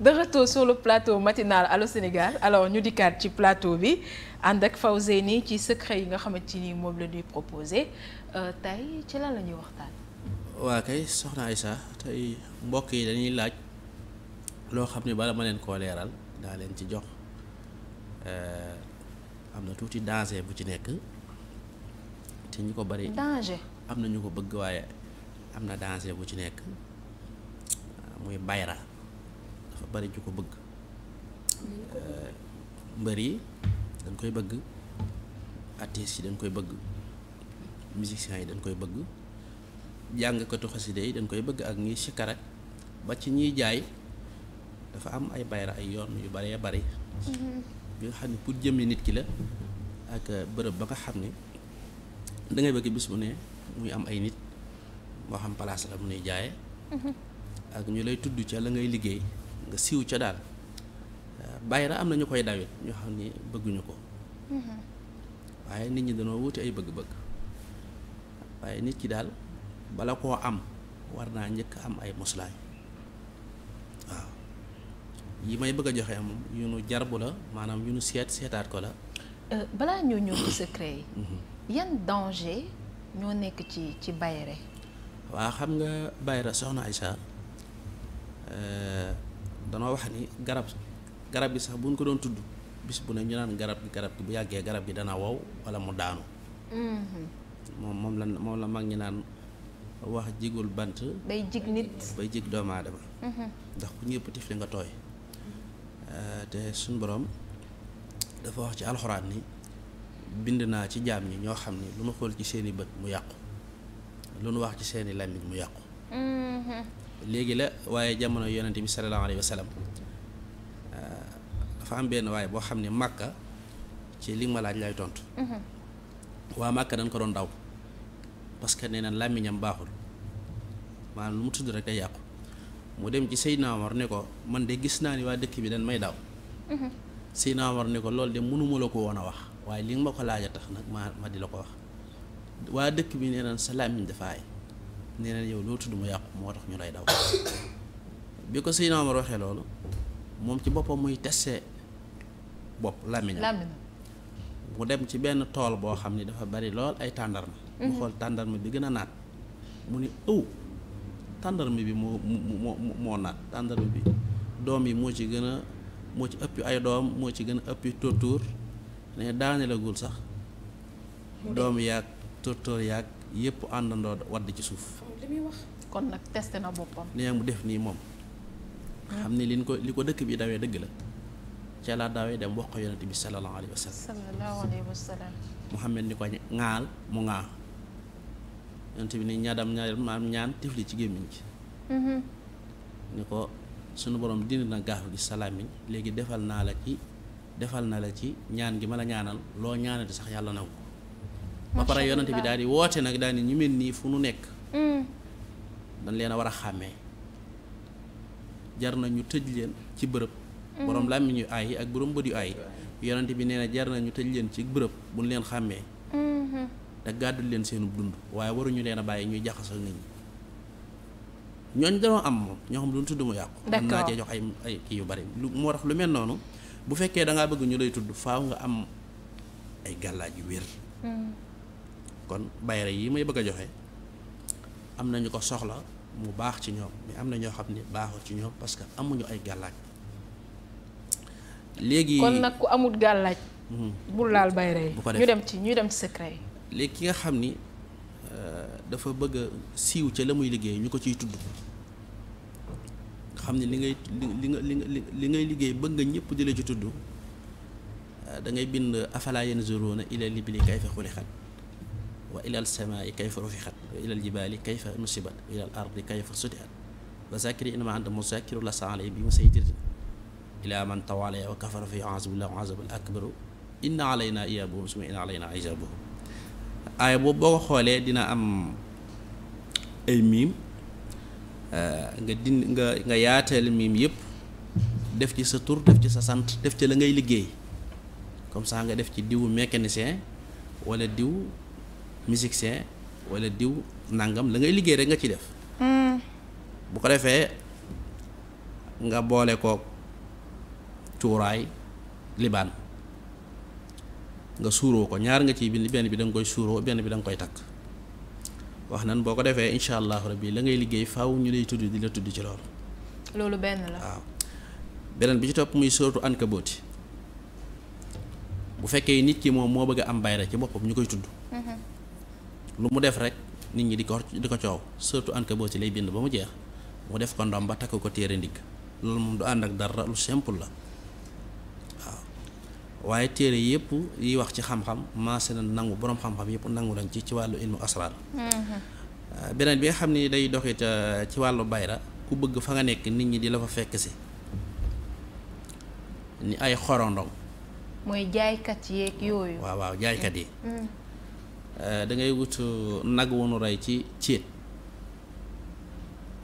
de retour sur le plateau matinal Allô Sénégal alors ñu dikkaat ci plateau bi ànd ak faw Fawzeyni ci secret yi nga xamante ni moom la ñuy proposé euh, tey ci lan la ñuy waxtaan. waa kay soxna Aïssa tey mbokk yi dañuy laaj loo xam ne bala ma leen koo leeral daa leen ci jox euh, am na tuuti danger bu ci nekk te ñu ko bari. danger am na ñu ko bëgg waaye am na danger bu ci nekk muy bayra dafa bari ju ko bëgg eh, mbër yi dañ koy bëgg artistes yi dañ koy bëgg musiciens yi dañ koy bëgg jàngkatu xaside yi dañ koy bëgg ak ñi sikar ak ba ci ñuy jaay dafa am ay bayra ay yoon yu baree bari bi nga xam ne pour jëmmi nit ki la ak bërëb ba nga xam ne dangay bëgg bis bu ne muy am ay nit moo xam place la mu nuy jaaye mhm. ak ñu lay tudd ca la ngay liggéey nga siiw ca daal euh, bàyyira am na ñu koy dawit ñoo xam ni bëgguñu ko mm-hmm. waaye nit ñi dañoo wuti ay bëgg-bëgg waaye nit ki daal bala koo am war naa njëkk am ay muslaay waaw yi may bëgg a joxe moom yu nu jarbu la maanaam yu nu seet seetaat ko la euh, balaa ñoo ñëw ci secret yi mm-hmm. yan danger ñoo nekk ci ci bayre waa xam nga bayra soxna Aïcha euh, danoo wax ni garab garab gi sax buñ ko doon tudd bis bu ne ñu naan garab gi garab gi bu yàggee garab gi dana wow wala mu daanu mm-hmm. moom moom la moom la mag ñi naan wax jigul bant bay jig nit bay jig doomu aadama mm-hmm. ndax ku ñëpp tifli nga tooy euh, te suñ boroom dafa wax ci alxuraan ni bind naa ci jaam yi ñoo xam ni lu ma xool ci seeni bët mu yàqu lu nu wax ci seeni làmmiñ mu yàqu mm-hmm. léegi la waaye jamono yonent bi sallallahu alayhi wa ah, dafa am benn waaye boo xam ne màkka ci li ma laaj lay tontu. Mhm. waa màkka dañ ko doon daw parce que nee na làmmiñam baaxul maanaam lu mu tudd rek day yàqu mu dem ci Seydina Omar ne ko man de gis naa ni waa dëkk bi dañ may daw mhm. Seydina Omar ne ko loolu de mënuma la ko woon a wax waaye li nga ma ko laaj a tax nag ma ma di la ko wax waa dëkk bi nee na sa làmmiñ dafa ay nee yow loo du mu yàqu moo tax ñu lay daw bi ko Seydina Omar waxee loolu moom ci boppam muy teste bopp làmmiñam mu dem ci benn tool boo xam ni dafa bari lool ay tàndarma mu mhm. xool tàndarma bi gën a naat mu ni ëw tàndarma bi moo moo naat tàndarma bi doom yi moo ci gën a moo ci ëpp ay doom moo ci gën a ëpp tóortóor ne daane lagul sax doom yaag tóortóor yaag yépp àndandoo wadd ci suuf. kon nag testé na boppam. nee mu def nii moom. xam ne liñ ko li ko dëkk bi dawee dëgg la. ca laa daawee dem wax ko yonent bi sallallahu alayhi wa sallam. ni ko ŋaal mu ŋaa. yonent bi ni ñaadam ñaar maam ñaan tifli ci gémmiñ ci mm-hmm. ni ko sunu borom dindi na gaaf gi mi léegi defal naa la ci defal na la ci ñaan gi ma la ñaanal loo ñaanati sax yàlla nangu ba pare yonante bi daal di woote nag daal di ñu mel nii fu nu nekk mm. dañ leen a war a xàmmee jar na ñu tëj leen ci bërëb mm. borom làmmiñ yu ak borom yu aay yonante bi nee na jar na ñu tëj leen ci bërëb bu ñu leen xàmmee mm-hmm. te gàddul leen seenu dund waaye waruñu leen a bàyyi ñuy jaxasal nit ñi ñooñ dañoo am moom ñoo xam lu ñu tudd mu yàqu mën naa jox ay ay kii yu bari moo tax lu mel noonu bu fekkee dangaa bëgg ñu lay tudd faaw nga am ay gàllaaj yu wér mm. kon bayre yi may bëgg a joxe am nañu ko soxla mu baax ci ñoom mais am na ñoo xam ne baaxul ci ñoom parce que amuñu ay gàllaaj léegi kon nag ku amul gàllaaj hmm. bu laal bayre yi ñu dem ci ñu dem ci secret yi léegi ki nga xam ni euh, dafa bëgg a siiw ca la muy liggéey ñu ko ciy tudd xam ne li ngay li nga li ngay liggéey bëgg nga ñëpp di la ci tudd euh, da ngay bind afala yanzuruna ila libili kayfa xuliqat wa ilal samaai kayfa rufixat wa ilal jibaali kayfa nusibat wa ilal ardi kayfa sutiat wa zakiri inama anta muzakiru la saalay bi musaytirin ila man tawalaya wa kafara fi azabillah azab al akbaru inna alayna iyabuhum suma inna alayna ijabuhum aaya boobu boo ko xoolee dina am ay miim nga din nga nga yaatal miim yëpp def ci sa tur def ci sa sant def ci la ngay liggéey comme ça nga def ci diwu mécanicien wala diw musicien wala diw nangam la ngay liggéey rek nga ci def. Hmm. bu ko defee nga boole kook cuuraay libaan nga suuroo ko ñaar nga ciy bind benn bi da koy suuroo benn bi danga koy takk wax nan boo ko defee incha allahu rabbi la ngay liggéey faaw ñu lay tudd di la tudd ci loolu. loolu benn beneen bi ci topp muy sóoratu Ankabuut bu fekkee nit ki moom moo bëgg am bayra ci boppam ñu koy tudd. lu mu def rek nit ñi di ko di ko coow surtout an boo ci lay bind ba mu jeex mu def ko ndom ba takk ko téere ndigg loolu moom du ànd ak dara lu simple la waaw waaye yëpp yi wax ci xam-xam na nangu boroom xam yëpp nangu nañ ci ci wàllu ilmu asraar mm-hmm. beneen bi nga xam ni day doxit euh, ci wàllu bayra ku bëgg fa nga nekk nit ñi di la fa fekk si ni ay xorondong mooy jaaykat yeeg waaw waaw jaaykat yi mm. Eh, da ngay wut nag wu nu rey ci céet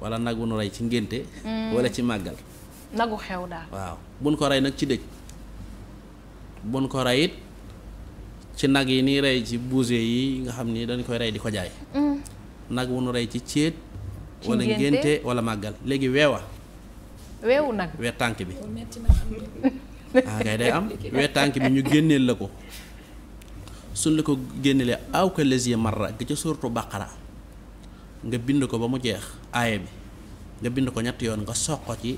walla nag wu nu rey ci ngénte mm. wala ci màggal nagu xew daal waaw buñ ko rey nag ci dëj buñ ko rey ci nag yi nii rey ci bouse yi nga xam ni dañ koy rey di ko jaay mm. nag wu rey ci céet wala ngénte wala màggal léegi weewa weewu nag weer tànk bi ah kay day am weer tànk bi ñu génneel la ko suñ la ko génnelee aw ka lesier marra ga ca surtu baqara nga bind ko ba mu jeex aaya bi nga bind ko ñett yoon nga soq ko ci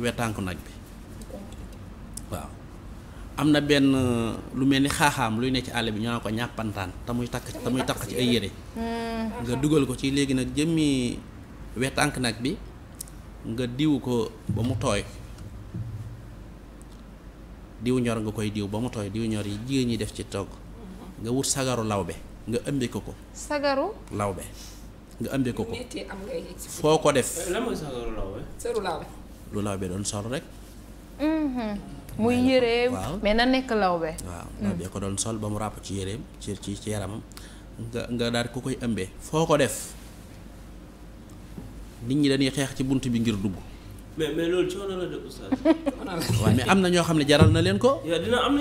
wetànku nag bi waaw am na benn uh, lu mel ni xaaxaam luy ne ci àll bi ñu naan ko ñàppantaan te muy takk te muy ci ay yére hmm. nga dugal ko ci léegi nag jëmmi wetànk nag bi nga diw ko ba mu tooy diw ñor nga koy diw ba mu tooy diw ñor yi jigéen ñi def ci togg nga wut sagaru lawbe nga ëmbi ko ko. sagaru lawbe nga ëmbi ko ko. foo ko def. Eh, lan mooy sagaru lu lawbe doon sol rek. Mhm. muy yéreem mais na nekk lawbe. waaw mm. lawbe ko doon sol ba mu ràpp ci yéreem ci ci ci yaramam nga nga daal ko koy ëmbee. foo ko def nit ñi dañuy xeex ci bunt bi ngir dugg. mais mais loolu coono mais am na ñoo xam ne jaral na leen ko. dina am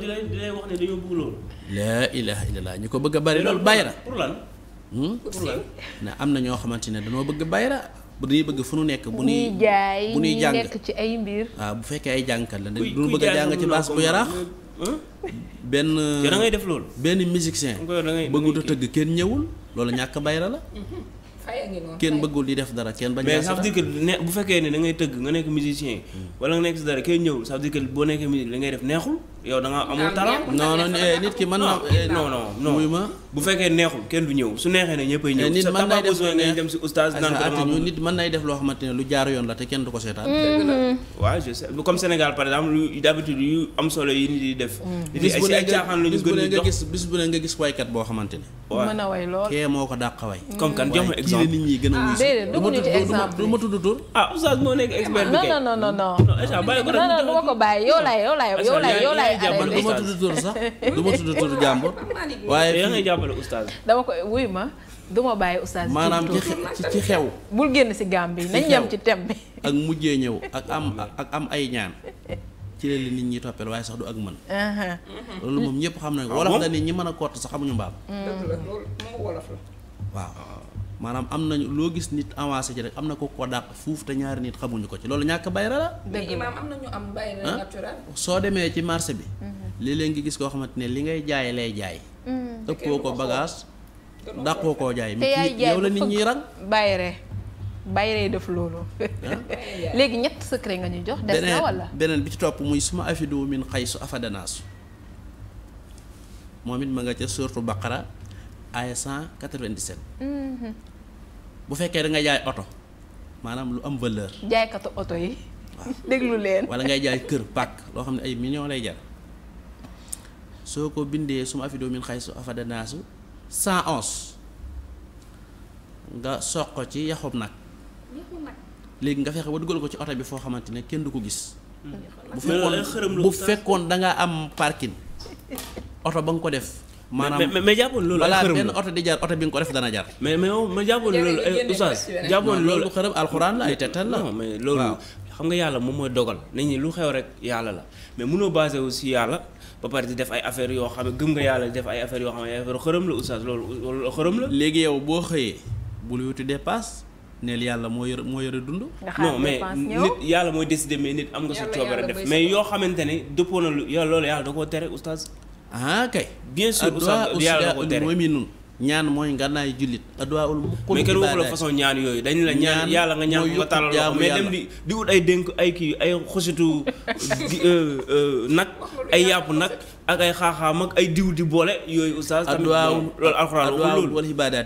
di lay di lay laa ilaha illallah ñu ko bëgg a bari loolu bàyyi la pour lan. Hmm? pour am na ñoo xamante ne dañoo bëgg bàyyi la bu dañuy bëgg fu nu nekk bu nuy jaay bu nuy jàng nekk ci ay mbir. waaw ah, bu fekkee ay jàngkat la du bëgg a nga ci baas bu yaraax benn da ngay def loolu benn musicien a tëgg kenn ñëwul loolu ñàkk bayra la mhm. kenn bëggul di def dara kenn ba mais ça veut ne bu fekkee ne dangay tëgg nga nekk musicien wala nga nekk si dara kenn ñëwul ça boo nekkee musique li ngay def neexul yow da nga amul talent non non eh, nit ki mën na eh, non non non muy ma bu fekkee neexul kenn du ñëw su neexee ne ñëppay ñëw eh, nit mën nay def ngay dem si oustaz naan ko dama nit mën nay def loo xamante ne lu jaar yoon la te kenn du ko seetaan mm-hmm. waaw je sais comme Sénégal par exemple lu d'habitude yu am solo yi nit di def mm. bis bu ne nga gis bis bu ne nga gis waykat boo xamante ne mën a way lool kee moo ko dàq way mm. comme kan jox ma exemple kii la nit ñi gën a wuyu du ma tudd tur ah oustaz moo nekk expert bi kay non non non non bàyyi ko yow lay yow lay yow lay jàppale du ma tudd tur sax du ma tudd tur jàmbur. waaye yaa ngay jàppale oustaz. dama ko wuy ma du ma bàyyi oustaz. maanaam ci xew. bul génn si gàmm bi nañ yem ci tem bi. ak mujjee ñëw ak am ak am ay ñaan. ci leen li nit ñi toppeel waaye sax du ak mën. loolu moom ñëpp xam nañu ah, wolof la ni ñi mën a kott sax xamuñu mbaam. Mm. waaw. Ah. maanaam am nañu loo gis nit avancé ci rek am na ko ko dàq fuuf te ñaari nit xamuñu ko ci loolu ñàkk bayra la. dëgg imaam am na ñu am ah? soo demee ci marché bi. Mhm. léeg-léeg nga gis koo xamante ne li ngay jaay lay jaay. Mhm. ëppoo ko bagage dàqoo ko jaay. te yaay la nit ñi rang bayre bayre def loolu. Ah? léegi ñett secret nga ñu jox. des na wala beneen bi ci topp muy suma afidu min su afadanaasu moom it ma nga ca surtout Baqara. ay cent quatre vingt dix mhm. bu fekkee da nga jaay oto maanaam lu am valeur. jaaykatu oto yi. waaw déglu leen. wala ngay jaay kër pàkk loo xam ne ay millions lay jar soo ko bindee suma afidoo min xay su afada naasu cent onze nga soq ko ci yaxub nag. léegi nga fexe ba dugal ko ci oto bi foo xamante ne kenn du ko gis. bu fekkoon bu da nga am parking oto ba nga ko def. maanaam mais mais jàppoon loolu ay xërëm la benn oto loolu ay oustaz loolu ay xam nga yàlla moom mooy dogal nit lu xew rek yàlla la mais munoo basé wu si yàlla ba pare di def ay affaire yoo xam ne gëm nga yàlla di ay affaire yoo xam ne loolu xërëm la. léegi yow boo xëyee bul wuti dépasse neel yàlla moo yor moo yore dund. non mais nit yàlla mooy décider mais nit am nga sa coobare def mais yoo xamante ne dëppoo na lu yàlla loolu yàlla da koo tere oustaz ah kay bien sûr oustaz yàlla ko tere ñaan mooy ngànnaay jullit adduwaa ul mu mais kenn la façon ñaan yooyu dañ la ñaan yàlla nga ñaan ko tàllal loxo mais dem di di ay dénk ay kii ay xositu euh, euh, nag ay yàpp nag ak ay xaaxaam ak ay diw boole yooyu oustaz tamit loolu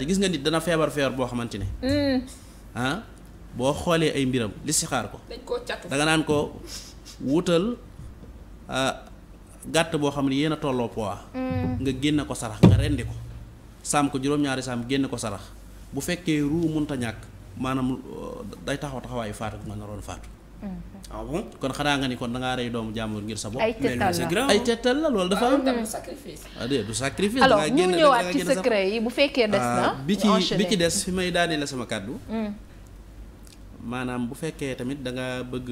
gis nga nit dana feebar feebar boo xamante hmm. boo xoolee ay mbiram li sixaar ko danga naan ko wutal ah, gàtt boo xam ne yéen a tolloo poids. Mm. nga génne ko sarax nga rendi ko saam ko juróom-ñaari saam génne ko sarax bu fekkee ruu munta ñàkk maanaam uh, day taxaw taxawaayu faatu nga naroon faatu. Mm-hmm. ah bon kon xanaa nga da ngaa rey doomu jàmbur ngir sa bopp. ay tettal la loolu dafa ah, am tamit sacrifice. Ah, du sacrifice. alors ñu bu fekkee des na. Ah, bi ci bi ci des fi may daanee la sama kàddu. Mm. maanaam bu fekkee tamit da nga bëgg.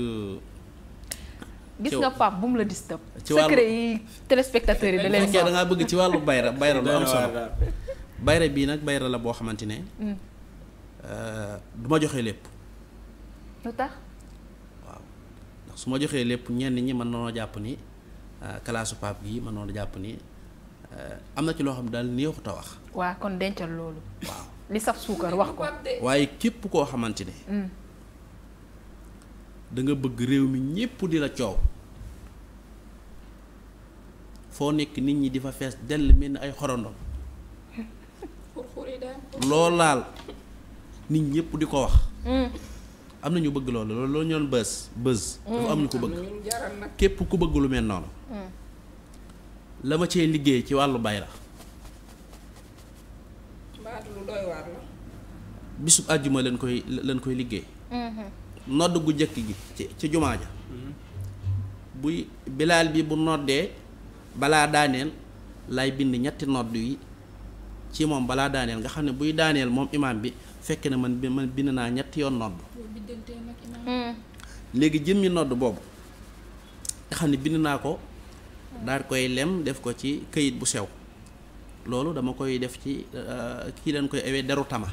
gis nga Pape bu mu la disturb. ci wàllu secret yi téléspectateurs yi da leen da bëgg ci wàllu bayra bayra lu am solo bayra bii nag bayra la boo xamante ne. Mm. Euh, du joxe lépp. lu tax. waaw ndax su ma joxee lépp ñenn ñi mën nañoo jàpp ni euh, kalaasu Pape gii mën nañoo jàpp ni euh, am na ci loo xam daal neexut a wax. waaw kon dencal loolu. waaw li saf suukar wax ko. waaye képp koo xamante ne. Mm. da nga bëgg réew mi ñépp di la coow foo nekk nit ñi di fa fees dell mel ni ay xorondom loolaal nit ñépp di ko wax am na ñu bëgg loolu loolu ñu doon bës bës dafa am ñu ko bëgg képp ku bëgg lu mel noonu la ma cee liggéey ci wàllu bay la bisub àjjuma leen koy leen koy liggéey mm-hmm. nodd gu njëkk gi ci ci jumaa ja buy bilaal bi bu noddee balaa daaneel lay bind ñetti nodd yi ci moom balaa daaneel nga xam ne buy daaneel moom imaam bi fekk na man man bind naa ñetti yoon nodd mm. léegi jëmmi nodd boobu nga xam ne bind naa ko daal koy lem def ko ci këyit bu sew loolu dama koy def ci euh, kii leen koy awee deru tama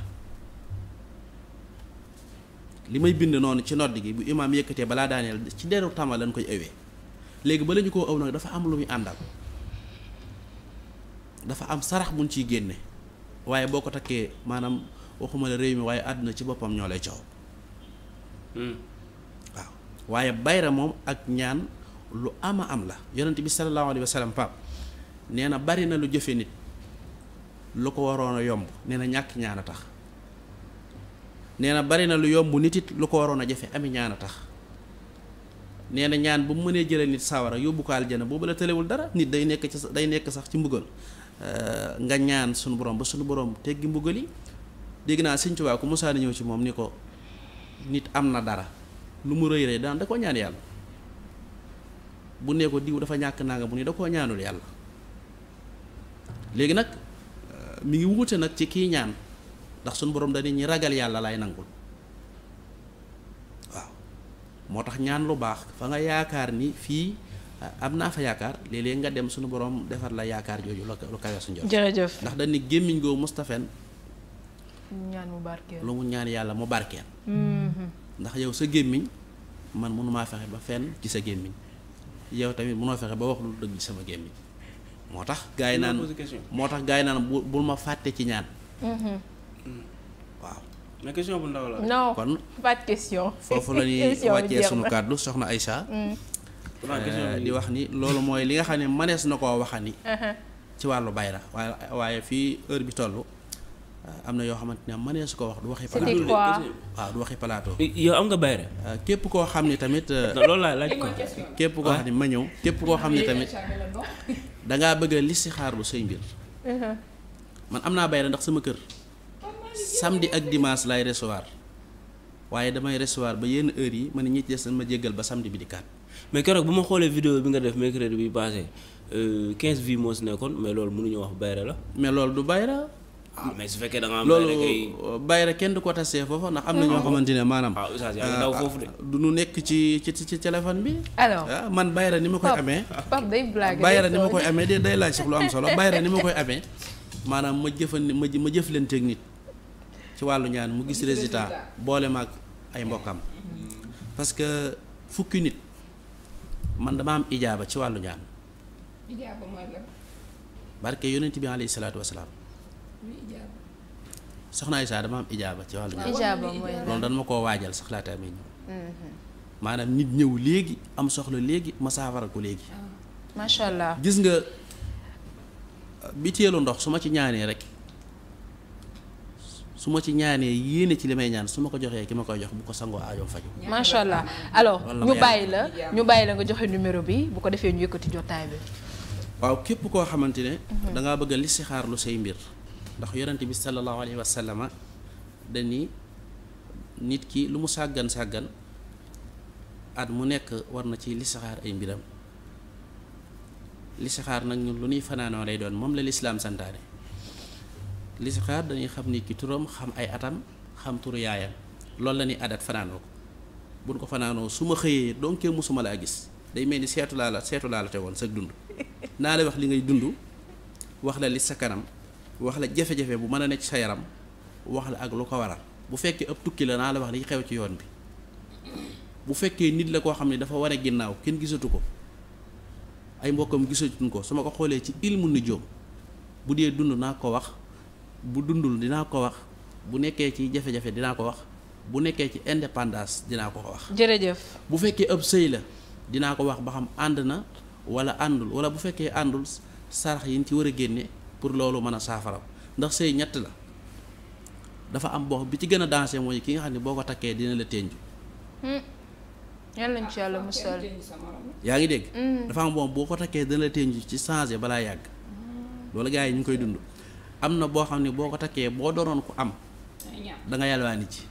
li may bind noonu ci nodd gi bu imaam yëkkatee balaa daaneel ci deru tama lañ koy awee léegi ba la ñu aw nag dafa am lu muy àndal dafa am sarax buñ ciy génne waaye boo ko takkee maanaam waxuma la réew mi waaye àdduna ci boppam ñoo lay coow hmm. waaw waaye bayra moom ak ñaan lu ama am la yonent bi sallallahu alayhi wa sallam pap nee na bari na lu jëfe nit lu ko waroon a yomb nee na ñàkk ñaan a tax nee na bari na lu yomb nit it lu ko waroon a jafe ami ñaan a tax nee na ñaan bu mu mënee jële nit sawara yóbbu ko aljana boobu la tëlewul dara nit day nekk ci day nekk sax ci mbugal nga ñaan sunu borom ba sunu borom teggi mbugal yi dégg naa Sëñ Tuubaa ku musaani ñëw ci moom ni ko nit am na dara lu mu rëy rëy daan da koo ñaan yàlla bu nee ko diw dafa ñàkk nanga bu ni da koo ñaanul yàlla léegi nag mi ngi wuute nag ci kii ñaan ndax suñu borom dañu ñi ragal yàlla laay nangul waaw moo tax ñaan lu baax fa nga yaakaar ni fii am naa fa yaakaar léeg nga dem suñu borom defar la yaakaar jooju lu kawe suñu jot jërëjëf ndax dañu gémmiñ goo mustafen ñaan mu barkeel lu mu ñaan yàlla mu barkeel mm-hmm. ndax yow sa gémmiñ man munumaa fexe ba fenn ci sa gémmiñ yow tamit mënoo fexe ba wax lu dëgg ci sama gémmiñ moo tax gaay naan moo tax gaay naan bul ma fàtte ci ñaan mm-hmm. waaw. mais question bu ndaw la. kon foofu la ñuy wàccee sunu kàddu soxna Aïcha. Mm. Euh, di wax ni loolu mooy li nga xam ne manees na koo ni uh-huh. ci wàllu bayra waaye waaye fii heure bi toll. am na yoo xamante ne mënees koo wax du waxi. plateau waaw du waxi plateau. Eh, yow euh, képp koo xam ne tamit. Euh, loolu laa ko képp koo xam ne ma ñëw. képp koo xam ne tamit dangaa bëgg a listixaar lu say mbir. Uh-huh. man am naa bayra ndax sama kër. samedi ak dimanche laay recevoir waaye damay recevoir ba yenn heure yi ma ne ñi ci des ma jéggal ba samedi bi di kaat mais bu ma xoolee vidéo bi nga def mercredi bi passé 15 euh, vues moo si nekkoon mais loolu mënuñu wax bayra la. mais loolu du bayra. ah mais su fekkee da nga am bayra kay loolu bayra kenn du ko am na ñoo xamante ne maanaam. waaw ah, oustaz yaa ah, ah, du nu nekk ci ci ci téléphone bi. alors man bayra ni ma koy amee. Pape day blague bayra ni ma koy amee day laaj lu am solo bayra ni ma koy amee maanaam ma jëfan ma jëflanteeg nit. ci wàllu ñaan mu gis résultat boole ak ay mbokkam parce que fukki nit man dama am ijaaba ci wàllu ñaan ijaaba mooy la barke yonent bi alayhi salaatu wasalaam soxna Aïssa ci wàllu ñaan loolu dañ ma koo waajal sax laata amee ñëw mm-hmm. maanaam nit ñëw léegi am soxla léegi ma saafara ko léegi ah. macha allah gis nga bi ndox su ma ci ñaanee rek su ma ci ñaanee yéene ci li may ñaan su ma ko joxee ki ma koy jox bu ko sangoo aajoom faju macha allah alors ñu bàyyi la ñu bàyyi la nga joxe numéro bi bu ko defee ñu yëkkati jotaay bi waaw képp koo xamante ne mhm. da ngaa bëgg a listixaar lu say mbir ndax yonente bi sallallahu alayhi wa sallama dani nit ki lu mu sàggan sàggan at mu nekk war na ci listixaar ay mbiram listixaar nag ñun lu nuy fanaanoo lay doon moom la lislaam santaane listixaar dañuy xam nit ki turam xam ay atam xam turiyaayam yaayam loolu la ñuy adat fanaanoo ko buñ ko fanaanoo su ma xëyee donc mosuma laa gis day mel ni seetu laa la seetu laa la te woon sag dund naa la wax li ngay dund wax la li sa kanam wax la jafe bu mën a nekk sa yaram wax la ak lu ko waral bu fekkee ab tukki la naa la wax li xew ci yoon bi bu fekkee nit la koo xam ne dafa wane ginnaaw kenn gisatu ko ay mbokkam gisatuñ ko su ma ko xoolee ci ilmu nijoom bu dee dund naa ko wax bu dundul dinaa ko wax bu nekkee ci jafe-jafe dinaa ko wax bu nekkee ci indépendance dinaa ko ko wax. jërëjëf. bu fekkee ëpp sëy la dinaa ko wax ba xam ànd na wala àndul wala bu fekkee àndul sarax yi ñu ci war a génne pour loolu mën a saafara ndax sëy ñett la dafa am boo bi ci gën a dansé mooy ki nga xam ne boo ko takkee dina la tënju. Hmm. yàlla ñu ci yàlla musal yaa ngi dégg. Hmm. dafa am boo boo ko takkee dina la tënju ci changé balaa yàgg. Hmm. loolu gaa yi ñu ngi koy dund. am na boo xam ne boo ko takkee boo doonoon ko am da nga yalwaani ci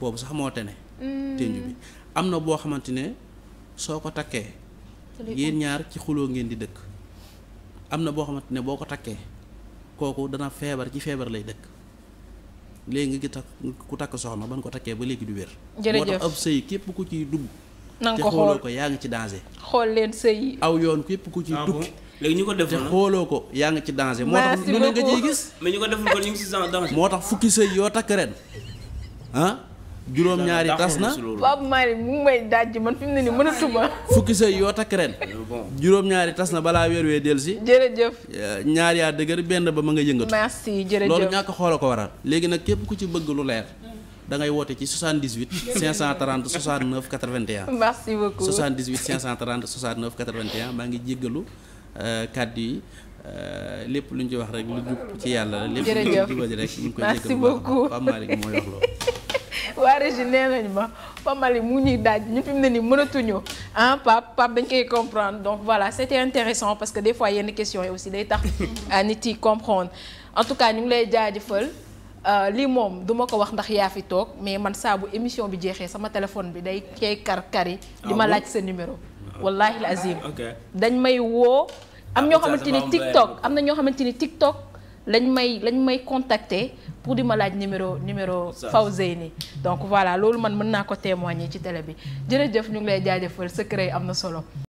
boobu sax moo tene mm. tenju bi am na boo xamante ne soo ko takkee yéen ñaar ci xuloo ngeen di dëkk am na boo xamante ne boo ko takkee kooku dana feebar ci feebar lay dëkk léegi nga takk ku takk soxna ban ko takkee ba léegi du wér moo tax ab sëy képp ku ciy dugg te xooloo ko yaa ngi ci danger xool leen sëy aw yoon képp ku ciy ah tukki léegi ñu ko def te xooloo ko yaa ngi ci danger. moo tax lu ne nga ciy gis. ko deful kon ñu ngi si danger. moo tax fukki sëy yoo takk ren ah. juróom-ñaari tas na Pape Mari mu ngi may dajji man fi mu ma. fukki sëy yoo takk ren. juróom-ñaari tas na balaa weer wee del si. jërëjëf. ñaar yaa dëgër benn ba ma nga yëngatu. merci jërëjëf loolu ñàkk xoola ko waral. léegi nag képp ku ci bëgg lu leer. da ngay woote ci 78 530 69 81. merci beaucoup 78 530 69 81 maa ngi jéggalu. Euh, kàddu yi euh, lépp lu ñu ci wax rek lu jub ci yàlla lépp lu ñu ci jubali rek ñu ngi koy jégalu bu mooy wax loolu waa Régis nee nañ ma Pape Malick mu ñuy daaj ñu fi mu ne nii mënatuñu ah Pape Pape dañ koy comprendre donc voilà c'était intéressant parce que des fois yenn question yi aussi day tax euh, nit yi comprendre en tout cas ñu ngi lay jaajëfal lii moom duma ko wax ndax yaa fi toog mais man saa émission bi jeexee sama téléphone bi day kay kar kari di ma ah laaj sa numéro wallahi al azim dañ may woo am ah, ñoo xamante ni TikTok am na ñoo xamante ni TikTok lañ may lañ may contacter pour di ma laaj numéro numéro ni donc voilà loolu man mën naa ko témoigner ci tele bi jërëjëf ñu ngi lay jaajëfal secret am na solo